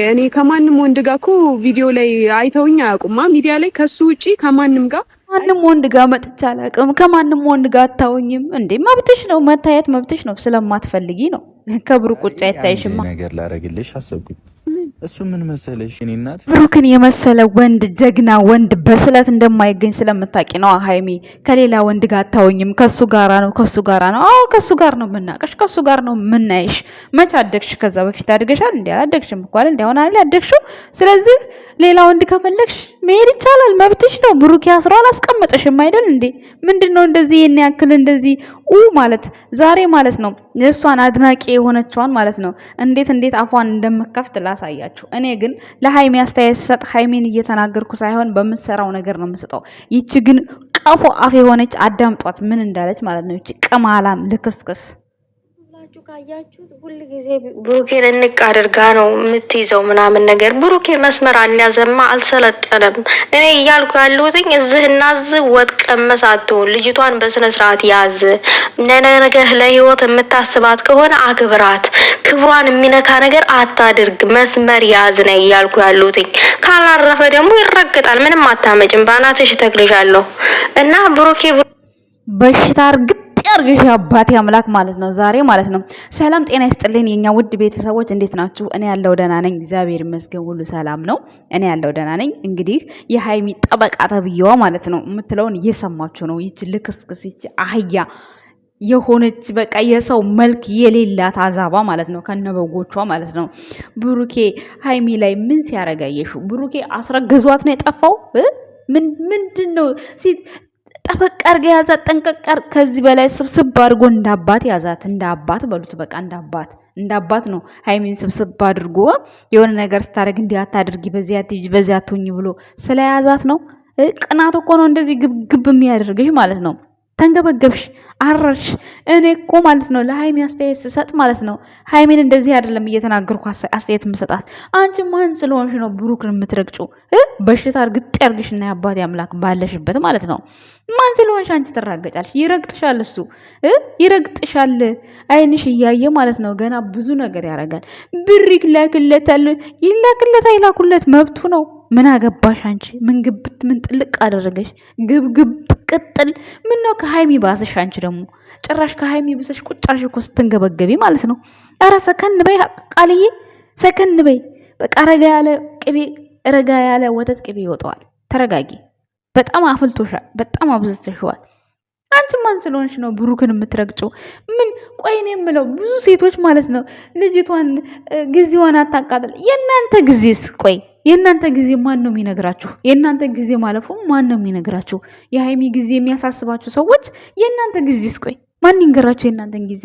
እኔ ከማንም ወንድ ጋር እኮ ቪዲዮ ላይ አይተውኝ አያውቁማ። ሚዲያ ላይ ከሱ ውጪ ከማንም ጋር ማንም ወንድ ጋር መጥቼ አላውቅም። ከማንም ወንድ ጋር አታውኝም እንዴ? መብትሽ ነው መታየት መብትሽ ነው። ስለማትፈልጊ ነው። ከብሩ ቁጭ አይታይሽማ። ነገር ላረግልሽ አሰብኩኝ እሱ ምን መሰለሽ፣ እኔ እናት ብሩክን የመሰለ ወንድ ጀግና ወንድ በስለት እንደማይገኝ ስለምታቂ ነው። ሀይሚ ከሌላ ወንድ ጋር አታወኝም። ከሱ ጋራ ነው፣ ከሱ ጋራ ነው። አዎ ከሱ ጋር ነው የምናቀሽ፣ ከሱ ጋር ነው የምናይሽ። መች አደግሽ? ከዛ በፊት አድገሻል እንዴ? አላደግሽም እኮ አይደል? እንዲያሆን አይደል ያደግሽው። ስለዚህ ሌላ ወንድ ከፈለግሽ መሄድ ይቻላል፣ መብትሽ ነው። ብሩክ አስሮ አላስቀመጠሽም አይደል እንዴ? ምንድን ነው እንደዚህ ይህን ያክል እንደዚህ ኡ ማለት ዛሬ ማለት ነው የሷን አድናቂ የሆነችዋን ማለት ነው እንዴት እንዴት አፏን እንደምከፍት ላሳያችሁ። እኔ ግን ለሀይሜ አስተያየት ስሰጥ ሀይሜን እየተናገርኩ ሳይሆን በምሰራው ነገር ነው የምሰጠው። ይቺ ግን ቀፎ አፍ የሆነች አዳምጧት ምን እንዳለች ማለት ነው። ይቺ ቅማላም ልክስክስ ካያችሁት ሁል ጊዜ ብሩኬን እንቅ አድርጋ ነው የምትይዘው ምናምን ነገር። ብሩኬ መስመር አልያዘማ አልሰለጠነም። እኔ እያልኩ ያለሁትኝ እዚህ እና እዚህ ወጥ ቀመስ ልጅቷን በስነ ስርዓት ያዝ። ነገር ለህይወት የምታስባት ከሆነ አክብራት። ክብሯን የሚነካ ነገር አታድርግ። መስመር ያዝ ነው እያልኩ ያለሁትኝ። ካላረፈ ደግሞ ይረግጣል። ምንም አታመጭም። በአናትሽ ተክልሻለሁ እና ብሩኬ በሽታ እርግጥ ያርግሽ አባቴ አምላክ ማለት ነው። ዛሬ ማለት ነው። ሰላም ጤና ይስጥልኝ የኛ ውድ ቤተሰቦች እንዴት ናችሁ? እኔ ያለው ደህና ነኝ፣ እግዚአብሔር ይመስገን፣ ሁሉ ሰላም ነው። እኔ ያለው ደህና ነኝ። እንግዲህ የሀይሚ ጠበቃ ተብዬዋ ማለት ነው የምትለውን እየሰማችሁ ነው። ይች ልክስክስ፣ ይች አህያ የሆነች በቃ የሰው መልክ የሌላት አዛባ ማለት ነው፣ ከነበጎቿ ማለት ነው። ብሩኬ ሀይሚ ላይ ምን ሲያረጋየሹ? ብሩኬ አስረግዟት ነው የጠፋው። ምንድን ነው ጠበቅ አርገ ያዛት ጠንቀቀር ከዚህ በላይ ስብስብ አድርጎ እንዳባት ያዛት። እንዳባት በሉት በቃ እንዳባት እንዳባት ነው። ሃይሚን ስብስብ አድርጎ የሆነ ነገር ስታደርግ እንዲህ አታድርጊ፣ በዚያ አትሂጂ፣ በዚያ አትሁኝ ብሎ ስለያዛት ነው። ቅናት እኮ ነው እንደዚህ ግብግብ የሚያደርግሽ ማለት ነው። ተንገበገብሽ፣ አረርሽ። እኔ እኮ ማለት ነው ለሀይሜ አስተያየት ስሰጥ ማለት ነው ሀይሜን እንደዚህ አይደለም እየተናገርኩ አስተያየት የምሰጣት። አንቺ ማን ስለሆንሽ ነው ብሩክን የምትረግጩ? በሽታ እርግጥ ያርግሽና የአባቴ አምላክ ባለሽበት ማለት ነው። ማን ስለሆንሽ አንቺ ትራገጫለሽ? ይረግጥሻል፣ እሱ ይረግጥሻል። አይንሽ እያየ ማለት ነው ገና ብዙ ነገር ያደርጋል። ብር ይላክለታል፣ ይላክለት አይላኩለት መብቱ ነው። ምን አገባሽ አንቺ? ምን ግብት ምን ጥልቅ አደረገሽ? ግብግብ ቅጥል ምን ነው ከሀይሚ ባሰሽ? አንቺ ደግሞ ጭራሽ ከሀይሚ ብሰሽ ቁጫሽ እኮ ስትንገበገቢ ማለት ነው። ኧረ ሰከን በይ ቃልዬ፣ ሰከን በይ በቃ። ረጋ ያለ ቅቤ ረጋ ያለ ወተት ቅቤ ይወጣዋል። ተረጋጊ። በጣም አፍልቶሻል። በጣም አብዝተሽዋል። አንቺ ማን ስለሆንሽ ነው ብሩክን የምትረግጨው? ምን ቆይኔ የምለው ብዙ ሴቶች ማለት ነው ልጅቷን ጊዜዋን አታቃጥል። የእናንተ ጊዜስ ቆይ የእናንተ ጊዜ ማን ነው የሚነግራችሁ? የእናንተ ጊዜ ማለፉ ማን ነው የሚነግራችሁ? የሀይሚ ጊዜ የሚያሳስባችሁ ሰዎች የእናንተ ጊዜ እስቆይ ማን ይንገራችሁ? የእናንተን ጊዜ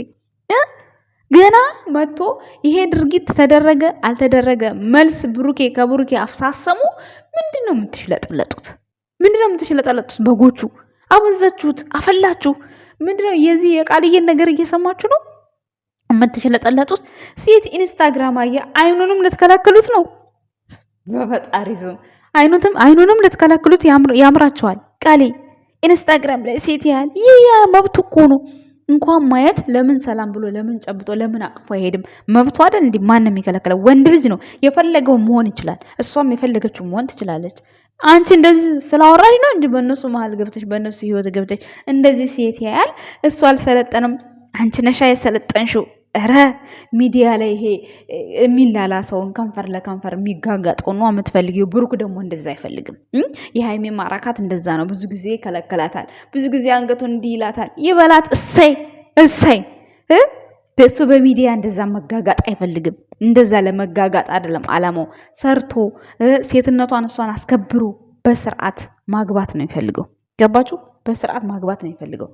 ገና መጥቶ ይሄ ድርጊት ተደረገ አልተደረገ መልስ ብሩኬ ከብሩኬ አፍሳሰሙ ምንድን ነው የምትሽለጠለጡት? ምንድን ነው የምትሽለጠለጡት? በጎቹ አበዛችሁት፣ አፈላችሁ። ነው የዚህ የቃልዬን ነገር እየሰማችሁ ነው የምትሽለጠለጡት? ሴት ኢንስታግራም አየ አይኑንም ልትከለክሉት ነው። በፈጣሪ ዞን አይኑትም አይኑንም ልትከለክሉት ያምራቸዋል። ቃሌ ኢንስታግራም ላይ ሴት ያህል ይህ መብት እኮ ነው። እንኳን ማየት ለምን ሰላም ብሎ ለምን ጨብጦ ለምን አቅፎ አይሄድም? መብቱ አይደል? እንዲህ ማንም የሚከለክለው ወንድ ልጅ ነው። የፈለገው መሆን ይችላል። እሷም የፈለገችው መሆን ትችላለች። አንቺ እንደዚህ ስላወራሽ ነው እንጂ በእነሱ መሀል ገብተሽ በእነሱ ህይወት ገብተሽ እንደዚህ ሴት ያያል እሱ አልሰለጠንም። አንቺ ነሻ የሰለጠንሽው ረ ሚዲያ ላይ ይሄ የሚላላ ሰውን ከንፈር ለከንፈር የሚጋጋጥ ነው የምትፈልጊው። ብሩክ ደግሞ እንደዛ አይፈልግም። የሀይሜ ማራካት እንደዛ ነው። ብዙ ጊዜ ይከለከላታል፣ ብዙ ጊዜ አንገቱን እንዲህ ይላታል። ይበላት። እሰይ እሰይ እሱ በሚዲያ እንደዛ መጋጋጥ አይፈልግም። እንደዛ ለመጋጋጥ አይደለም አላማው። ሰርቶ ሴትነቷን እሷን አስከብሮ በስርዓት ማግባት ነው የሚፈልገው። ገባችሁ? በስርዓት ማግባት ነው የሚፈልገው።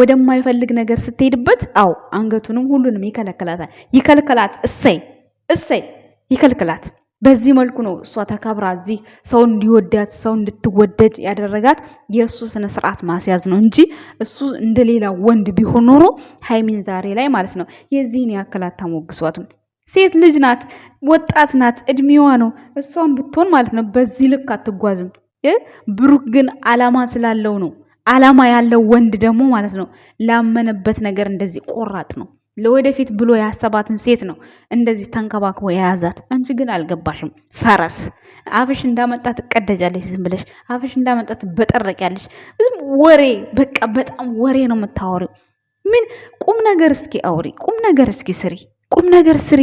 ወደማይፈልግ ነገር ስትሄድበት፣ አው አንገቱንም ሁሉንም ይከለክላታል። ይከልክላት፣ እሰይ እሰይ ይከልክላት። በዚህ መልኩ ነው እሷ ተከብራ እዚህ ሰው እንዲወዳት ሰው እንድትወደድ ያደረጋት የእሱ ስነ ስርዓት ማስያዝ ነው እንጂ እሱ እንደሌላ ወንድ ቢሆን ኖሮ ሀይሚን ዛሬ ላይ ማለት ነው የዚህን ያክላት ታሞግሷትም። ሴት ልጅ ናት፣ ወጣት ናት፣ እድሜዋ ነው። እሷን ብትሆን ማለት ነው በዚህ ልክ አትጓዝም። ብሩክ ግን አላማ ስላለው ነው። አላማ ያለው ወንድ ደግሞ ማለት ነው ላመነበት ነገር እንደዚህ ቆራጥ ነው። ለወደፊት ብሎ ያሰባትን ሴት ነው እንደዚህ ተንከባክቦ የያዛት። አንቺ ግን አልገባሽም። ፈረስ አፍሽ እንዳመጣ ትቀደጃለሽ። ዝም ብለሽ አፍሽ እንዳመጣ ትበጠረቂያለሽ። ዝም ወሬ፣ በቃ በጣም ወሬ ነው የምታወሪው። ምን ቁም ነገር እስኪ አውሪ፣ ቁም ነገር እስኪ ስሪ። ቁም ነገር ስሪ።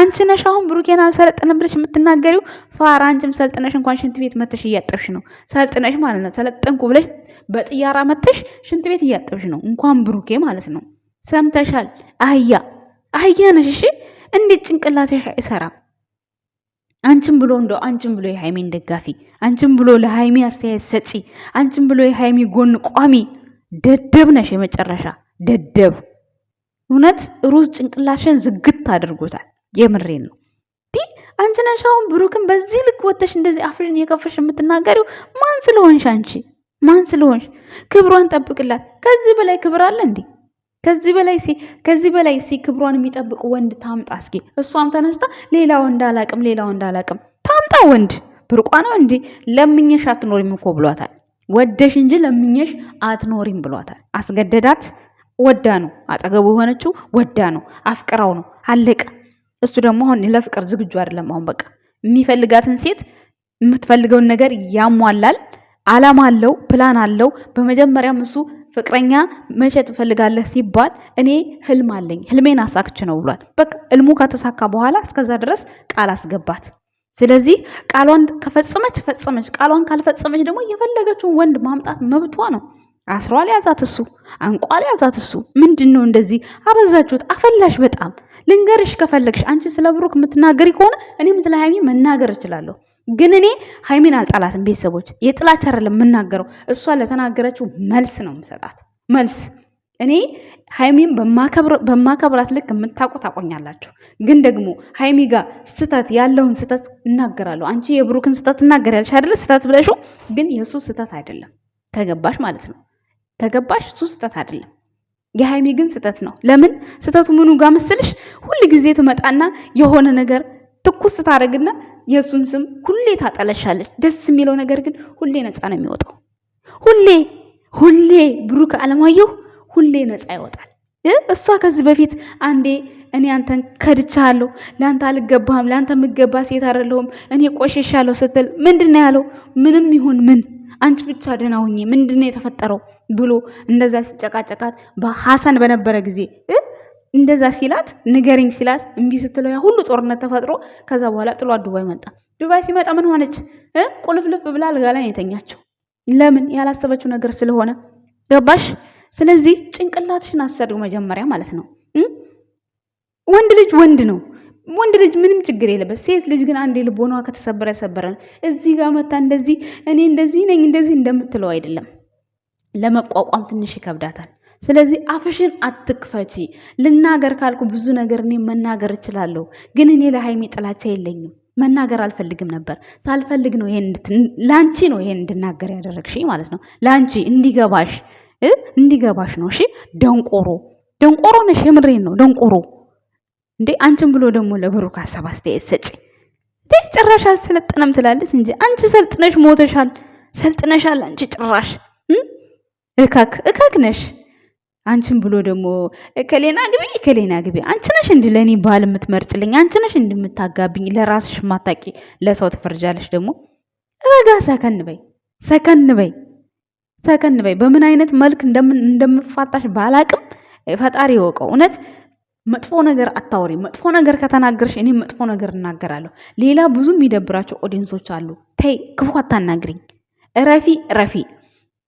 አንቺ ነሽ አሁን ብሩኬን አልሰለጠንም ብለሽ የምትናገሪው ፋራ። አንቺም ሰልጥነሽ እንኳን ሽንት ቤት መተሽ እያጠብሽ ነው። ሰልጥነሽ ማለት ነው ሰለጠንኩ ብለሽ በጥያራ መተሽ ሽንት ቤት እያጠብሽ ነው። እንኳን ብሩኬ ማለት ነው። ሰምተሻል? አህያ አህያ ነሽ። እሺ እንዴት ጭንቅላትሽ አይሰራም? አንቺም ብሎ እንደው አንቺም ብሎ የሃይሜን ደጋፊ፣ አንቺም ብሎ ለሃይሜ አስተያየት ሰጪ፣ አንቺም ብሎ የሃይሜ ጎን ቋሚ ደደብ ነሽ። የመጨረሻ ደደብ እውነት ሩዝ ጭንቅላሽን ዝግት አድርጎታል። የምሬን ነው። አንቺ ነሽ አሁን ብሩክን በዚህ ልክ ወተሽ እንደዚህ አፍሽን እየከፈሽ የምትናገሪው ማን ስለሆንሽ? አንቺ ማን ስለሆንሽ? ክብሯን ጠብቅላት። ከዚህ በላይ ክብር አለ እንዴ? ከዚህ በላይ ሲ ከዚህ በላይ ሲ ክብሯን የሚጠብቅ ወንድ ታምጣ እስኪ። እሷም ተነስታ ሌላ ወንድ አላቅም፣ ሌላ ወንድ አላቅም ታምጣ ወንድ ብርቋ ነው እንዴ? ለምኘሽ አትኖሪም እኮ ብሏታል። ወደሽ እንጂ ለምኘሽ አትኖሪም ብሏታል። አስገደዳት። ወዳ ነው አጠገቡ የሆነችው ወዳ ነው አፍቅራው ነው አለቀ። እሱ ደግሞ አሁን ለፍቅር ዝግጁ አይደለም። አሁን በቃ የሚፈልጋትን ሴት የምትፈልገውን ነገር ያሟላል። አላማ አለው፣ ፕላን አለው። በመጀመሪያም እሱ ፍቅረኛ መቼ ትፈልጋለህ ሲባል እኔ ህልም አለኝ ህልሜን አሳክች ነው ብሏል። በቃ እልሙ ከተሳካ በኋላ እስከዛ ድረስ ቃል አስገባት። ስለዚህ ቃሏን ከፈጸመች ፈጸመች፣ ቃሏን ካልፈጸመች ደግሞ የፈለገችውን ወንድ ማምጣት መብቷ ነው። አስሯል ያዛት እሱ አንቋል ያዛት እሱ። ምንድን ነው እንደዚህ አበዛችሁት፣ አፈላሽ በጣም ልንገርሽ። ከፈለግሽ አንቺ ስለ ብሩክ የምትናገሪ ከሆነ እኔም ስለ ሀይሚ መናገር እችላለሁ። ግን እኔ ሀይሚን አልጠላትም። ቤተሰቦች የጥላቻ አይደለም የምናገረው፣ እሷ ለተናገረችው መልስ ነው የምሰጣት መልስ። እኔ ሀይሚን በማከብራት ልክ የምታውቁ ታቆኛላችሁ። ግን ደግሞ ሀይሚ ጋር ስተት ያለውን ስተት እናገራለሁ። አንቺ የብሩክን ስተት እናገር ያልሽ አይደለ? ስህተት ብለሽው ግን የእሱ ስተት አይደለም። ከገባሽ ማለት ነው ተገባሽ? እሱ ስህተት አይደለም። የሀይሚ ግን ስህተት ነው። ለምን ስህተቱ ምኑ ጋር መሰልሽ? ሁል ጊዜ ትመጣና የሆነ ነገር ትኩስ ታደርግና የእሱን ስም ሁሌ ታጠለሻለች። ደስ የሚለው ነገር ግን ሁሌ ነፃ ነው የሚወጣው። ሁሌ ሁሌ ብሩክ አለማየሁ ሁሌ ነፃ ይወጣል። እሷ ከዚህ በፊት አንዴ እኔ አንተን ከድቻለሁ፣ ለአንተ አልገባህም፣ ለአንተ የምገባ ሴት አይደለሁም፣ እኔ ቆሸሻለሁ ስትል ምንድን ነው ያለው? ምንም ይሁን ምን አንቺ ብቻ ደህና ሁኚ። ምንድን ነው የተፈጠረው? ብሎ እንደዛ ሲጨቃጨቃት በሀሰን በነበረ ጊዜ እንደዛ ሲላት ንገሪኝ ሲላት እምቢ ስትለው ያ ሁሉ ጦርነት ተፈጥሮ ከዛ በኋላ ጥሎ ዱባይ መጣ። ዱባይ ሲመጣ ምን ሆነች? ቁልፍልፍ ብላ አልጋ ላይ ለምን? ያላሰበችው ነገር ስለሆነ ገባሽ? ስለዚህ ጭንቅላትሽን አሰርጉ መጀመሪያ ማለት ነው። ወንድ ልጅ ወንድ ነው። ወንድ ልጅ ምንም ችግር የለበት። ሴት ልጅ ግን አንዴ ልቦናዋ ከተሰበረ ተሰበረ ነው። እዚህ ጋር መታ እንደዚህ እኔ እንደዚህ ነኝ እንደዚህ እንደምትለው አይደለም። ለመቋቋም ትንሽ ይከብዳታል። ስለዚህ አፍሽን አትክፈቺ። ልናገር ካልኩ ብዙ ነገር እኔ መናገር እችላለሁ፣ ግን እኔ ለሀይሚ ጥላቻ የለኝም። መናገር አልፈልግም ነበር። ሳልፈልግ ነው ይሄን ላንቺ ነው ይሄን እንድናገር ያደረግሽ ማለት ነው። ላንቺ እንዲገባሽ እንዲገባሽ ነው። እሺ ደንቆሮ ደንቆሮ ነሽ። የምሬን ነው ደንቆሮ። እንዴ አንቺን ብሎ ደግሞ ለብሩክ ሀሳብ አስተያየት ሰጪ እንዴ! ጭራሽ አልሰለጥነም ትላለች እንጂ አንቺ ሰልጥነሽ ሞተሻል። ሰልጥነሻል አንቺ ጭራሽ እካክ እካክ ነሽ። አንቺን ብሎ ደግሞ እከሌና ግቢ እከሌና ግቢ። አንቺ ነሽ እንዲ ለእኔ ባል የምትመርጭልኝ፣ አንቺ ነሽ እንደምታጋብኝ። ለራስሽ ማታቂ ለሰው ትፈርጃለሽ። ደግሞ ረጋ ሰከን በይ፣ ሰከን በይ፣ ሰከን በይ። በምን አይነት መልክ እንደምፋታሽ ባላቅም ፈጣሪ ይወቀው። እውነት መጥፎ ነገር አታወሪ። መጥፎ ነገር ከተናገርሽ እኔ መጥፎ ነገር እናገራለሁ። ሌላ ብዙ የሚደብራቸው ኦዲንሶች አሉ። ተይ ክፉ አታናግሪኝ። ረፊ ረፊ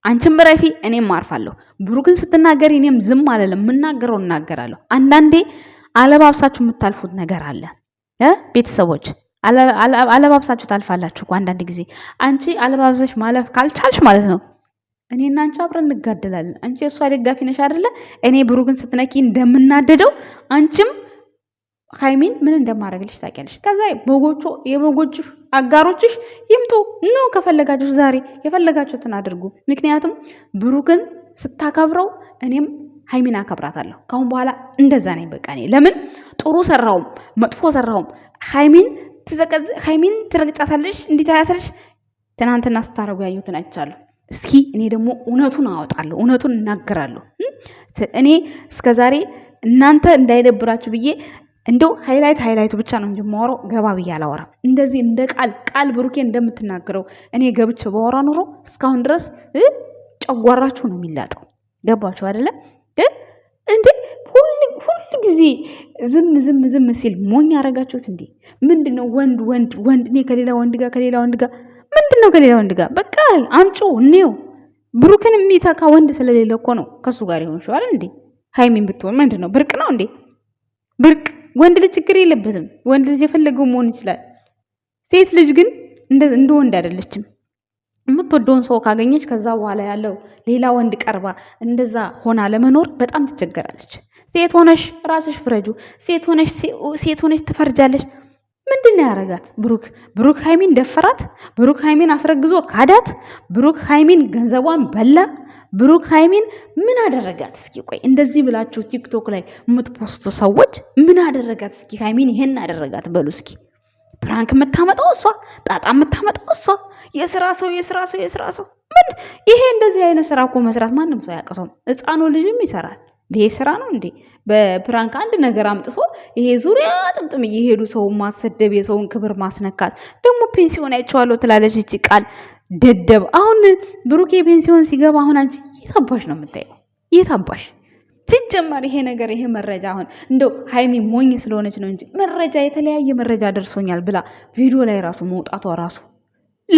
አንቺም ረፊ እኔም አርፋለሁ። ብሩክን ስትናገር እኔም ዝም አለለም፣ የምናገረው እናገራለሁ። አንዳንዴ አለባብሳችሁ የምታልፉት ነገር አለ። ቤተሰቦች አለባብሳችሁ ታልፋላችሁ እኮ አንዳንድ ጊዜ። አንቺ አለባብሰሽ ማለፍ ካልቻልሽ ማለት ነው እኔና አንቺ አብረን እንጋደላለን። አንቺ እሷ ደጋፊ ነሽ አይደለ? እኔ ብሩክን ስትነኪ እንደምናደደው አንቺም ሀይሚን ምን እንደማደርግልሽ ታውቂያለሽ። ከዛ የበጎች አጋሮችሽ ይምጡ ኖ ከፈለጋችሁ ዛሬ የፈለጋችሁትን አድርጉ። ምክንያቱም ብሩክን ስታከብረው እኔም ሀይሚን አከብራታለሁ። ካሁን በኋላ እንደዛ ነኝ። በቃ እኔ ለምን ጥሩ ሰራውም መጥፎ ሰራውም ሀይሚን ትዘቀዝ ሀይሚን ትረግጫታለሽ እንዲታያታለሽ ትናንትና ስታደረጉ ያዩትን አይቻለሁ። እስኪ እኔ ደግሞ እውነቱን አወጣለሁ፣ እውነቱን እናገራለሁ። እኔ እስከዛሬ እናንተ እንዳይደብራችሁ ብዬ እንደው ሃይላይት ሃይላይቱ ብቻ ነው እንጂ የማወራው ገባ ብዬ አላወራም። እንደዚህ እንደ ቃል ቃል ብሩኬ እንደምትናገረው እኔ ገብቼ ባወራ ኑሮ እስካሁን ድረስ ጨጓራችሁ ነው የሚላጠው። ገባችሁ አይደለ እንዴ? ሁሉ ጊዜ ዝም ዝም ዝም ሲል ሞኝ ያደረጋችሁት እንዴ? ምንድን ነው ወንድ ወንድ ወንድ እኔ ከሌላ ወንድ ጋር ከሌላ ወንድ ጋር ምንድን ነው ከሌላ ወንድ ጋር በቃ አምጮ እኔው ብሩክን የሚተካ ወንድ ስለሌለ እኮ ነው ከሱ ጋር ይሆን አይደል እንዴ? ሀይሚን ብትሆን ምንድን ነው ብርቅ ነው እንዴ? ብርቅ ወንድ ልጅ ችግር የለበትም። ወንድ ልጅ የፈለገው መሆን ይችላል። ሴት ልጅ ግን እንደ ወንድ አይደለችም። የምትወደውን ሰው ካገኘች ከዛ በኋላ ያለው ሌላ ወንድ ቀርባ እንደዛ ሆና ለመኖር በጣም ትቸገራለች። ሴት ሆነሽ ራስሽ ፍረጁ። ሴት ሆነሽ ሴት ሆነሽ ትፈርጃለሽ። ምንድን ነው ያደረጋት? ብሩክ ብሩክ ሃይሚን ደፈራት? ብሩክ ሃይሚን አስረግዞ ካዳት? ብሩክ ሃይሚን ገንዘቧን በላ? ብሩክ ሃይሚን ምን አደረጋት? እስኪ ቆይ እንደዚህ ብላችሁ ቲክቶክ ላይ የምትፖስቱ ሰዎች ምን አደረጋት? እስኪ ሃይሚን ይሄን አደረጋት በሉ እስኪ። ፕራንክ የምታመጣው እሷ፣ ጣጣ የምታመጣው እሷ። የስራ ሰው የስራ ሰው የስራ ሰው ምን ይሄ እንደዚህ አይነት ስራ እኮ መስራት ማንም ሰው አያቅተውም። ህፃኑ ልጅም ይሰራል። ይሄ ስራ ነው እንዴ? በፕራንክ አንድ ነገር አምጥቶ ይሄ ዙሪያ ጥምጥም እየሄዱ ሰውን ማሰደብ፣ የሰውን ክብር ማስነካት። ደግሞ ፔንሲዮን አይቼዋለሁ ትላለች እቺ ቃል ደደብ። አሁን ብሩኬ ፔንሲዮን ሲገባ አሁን አንቺ የታባሽ ነው የምታየው? የታባሽ ሲጀመር ይሄ ነገር ይሄ መረጃ አሁን እንደው ሀይሚ ሞኝ ስለሆነች ነው እንጂ መረጃ የተለያየ መረጃ ደርሶኛል ብላ ቪዲዮ ላይ ራሱ መውጣቷ ራሱ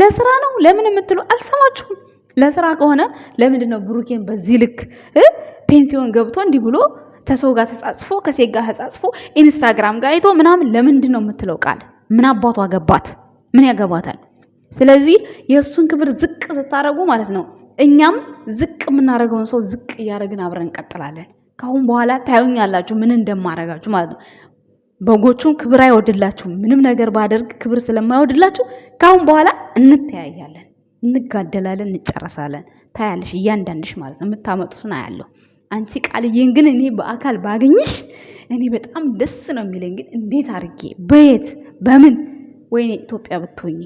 ለስራ ነው። ለምን የምትሉ አልሰማችሁም? ለስራ ከሆነ ለምንድን ነው ብሩኬን በዚህ ልክ ፔንሲዮን ገብቶ እንዲህ ብሎ ከሰው ጋር ተጻጽፎ ከሴት ጋር ተጻጽፎ ኢንስታግራም ጋር አይቶ ምናምን ለምንድን ነው የምትለው ቃል? ምን አባቷ ገባት? ምን ያገባታል? ስለዚህ የእሱን ክብር ዝቅ ስታደረጉ ማለት ነው እኛም ዝቅ የምናደርገውን ሰው ዝቅ እያደረግን አብረን እንቀጥላለን። ከአሁን በኋላ ታዩኛላችሁ ምን እንደማደርጋችሁ ማለት ነው። በጎቹን ክብር አይወድላችሁም። ምንም ነገር ባደርግ ክብር ስለማይወድላችሁ ከአሁን በኋላ እንተያያለን፣ እንጋደላለን፣ እንጨረሳለን። ታያለሽ፣ እያንዳንድሽ ማለት ነው የምታመጡትን አያለሁ። አንቺ ቃልዬን ግን እኔ በአካል ባገኝሽ እኔ በጣም ደስ ነው የሚለኝ። ግን እንዴት አድርጌ በየት በምን ወይኔ ኢትዮጵያ ብትሆኝ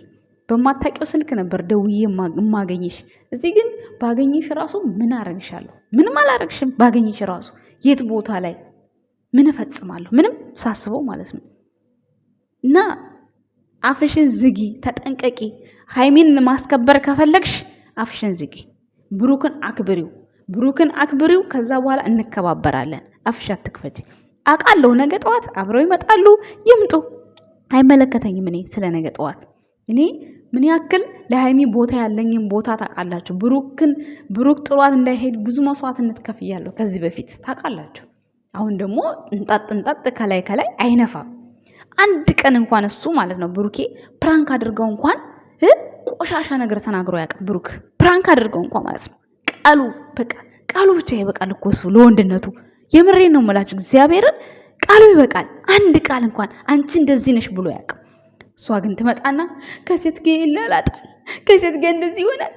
በማታውቂው ስልክ ነበር ደውዬ የማገኝሽ። እዚህ ግን ባገኝሽ ራሱ ምን አረግሻለሁ? ምንም አላረግሽም። ባገኝሽ ራሱ የት ቦታ ላይ ምን እፈጽማለሁ? ምንም ሳስበው ማለት ነው። እና አፍሽን ዝጊ፣ ተጠንቀቂ። ሀይሜን ማስከበር ከፈለግሽ አፍሽን ዝጊ፣ ብሩክን አክብሪው። ብሩክን አክብሪው። ከዛ በኋላ እንከባበራለን። አፍሻ ትክፈች። አውቃለሁ ነገ ጠዋት አብረው ይመጣሉ። ይምጡ፣ አይመለከተኝም። እኔ ስለ ነገ ጠዋት እኔ ምን ያክል ለሃይሚ ቦታ ያለኝም ቦታ ታውቃላችሁ። ብሩክን ብሩክ ጥሯት እንዳይሄድ ብዙ መስዋዕትነት ከፍያለሁ ከዚህ በፊት ታውቃላችሁ። አሁን ደግሞ እንጣጥ እንጣጥ ከላይ ከላይ አይነፋም። አንድ ቀን እንኳን እሱ ማለት ነው ብሩኬ ፕራንክ አድርገው እንኳን ቆሻሻ ነገር ተናግሮ ያውቅ ብሩክ ፕራንክ አድርገው እንኳን ማለት ነው ቃሉ በቃ ቃሉ ብቻ ይበቃል እኮ እሱ ለወንድነቱ። የምሬን ነው የምላችሁ እግዚአብሔርን ቃሉ ይበቃል። አንድ ቃል እንኳን አንቺ እንደዚህ ነሽ ብሎ አያውቅም እሷ ግን ትመጣና ከሴት ጋ ይላላጣል፣ ከሴት ጋ እንደዚህ ይሆናል።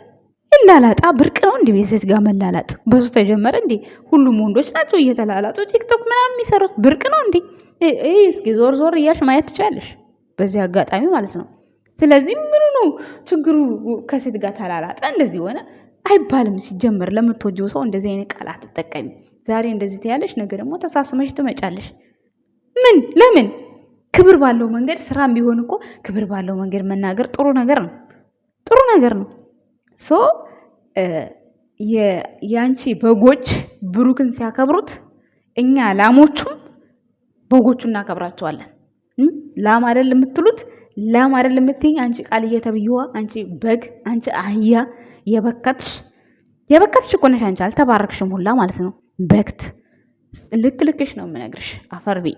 ይላላጣ ብርቅ ነው እንዴ? ሴት ጋር መላላጥ በሱ ተጀመረ እንዴ? ሁሉም ወንዶች ናቸው እየተላላጡ ቲክቶክ ምናምን የሚሰሩት ብርቅ ነው እንዴ? ይህ እስኪ ዞር ዞር እያልሽ ማየት ትችላለሽ፣ በዚህ አጋጣሚ ማለት ነው። ስለዚህ ምኑ ነው ችግሩ? ከሴት ጋር ተላላጠ፣ እንደዚህ ሆነ። አይባልም። ሲጀመር ለምትወጂው ሰው እንደዚህ አይነት ቃል አትጠቀሚ። ዛሬ እንደዚህ ትያለሽ፣ ነገ ደግሞ ተሳስመሽ ትመጫለሽ። ምን ለምን? ክብር ባለው መንገድ ስራም ቢሆን እኮ ክብር ባለው መንገድ መናገር ጥሩ ነገር ነው፣ ጥሩ ነገር ነው። ሶ የአንቺ በጎች ብሩክን ሲያከብሩት እኛ ላሞቹም በጎቹ እናከብራቸዋለን። ላም አይደል የምትሉት ላም አይደል የምትይኝ አንቺ ቃል ተብዬዋ፣ አንቺ በግ፣ አንቺ አህያ የበከትሽ የበከትሽ እኮ ነሽ አንቺ አልተባረክሽም ሁላ ማለት ነው። በክት ልክ ልክሽ ነው የምነግርሽ። አፈር ቤ